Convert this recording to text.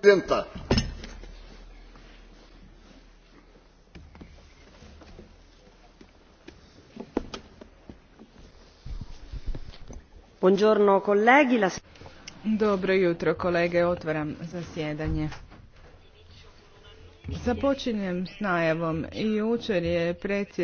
presidenta dobro jutro kolege otvaram zasjedanje započinjem s najavom jučer je predsjednik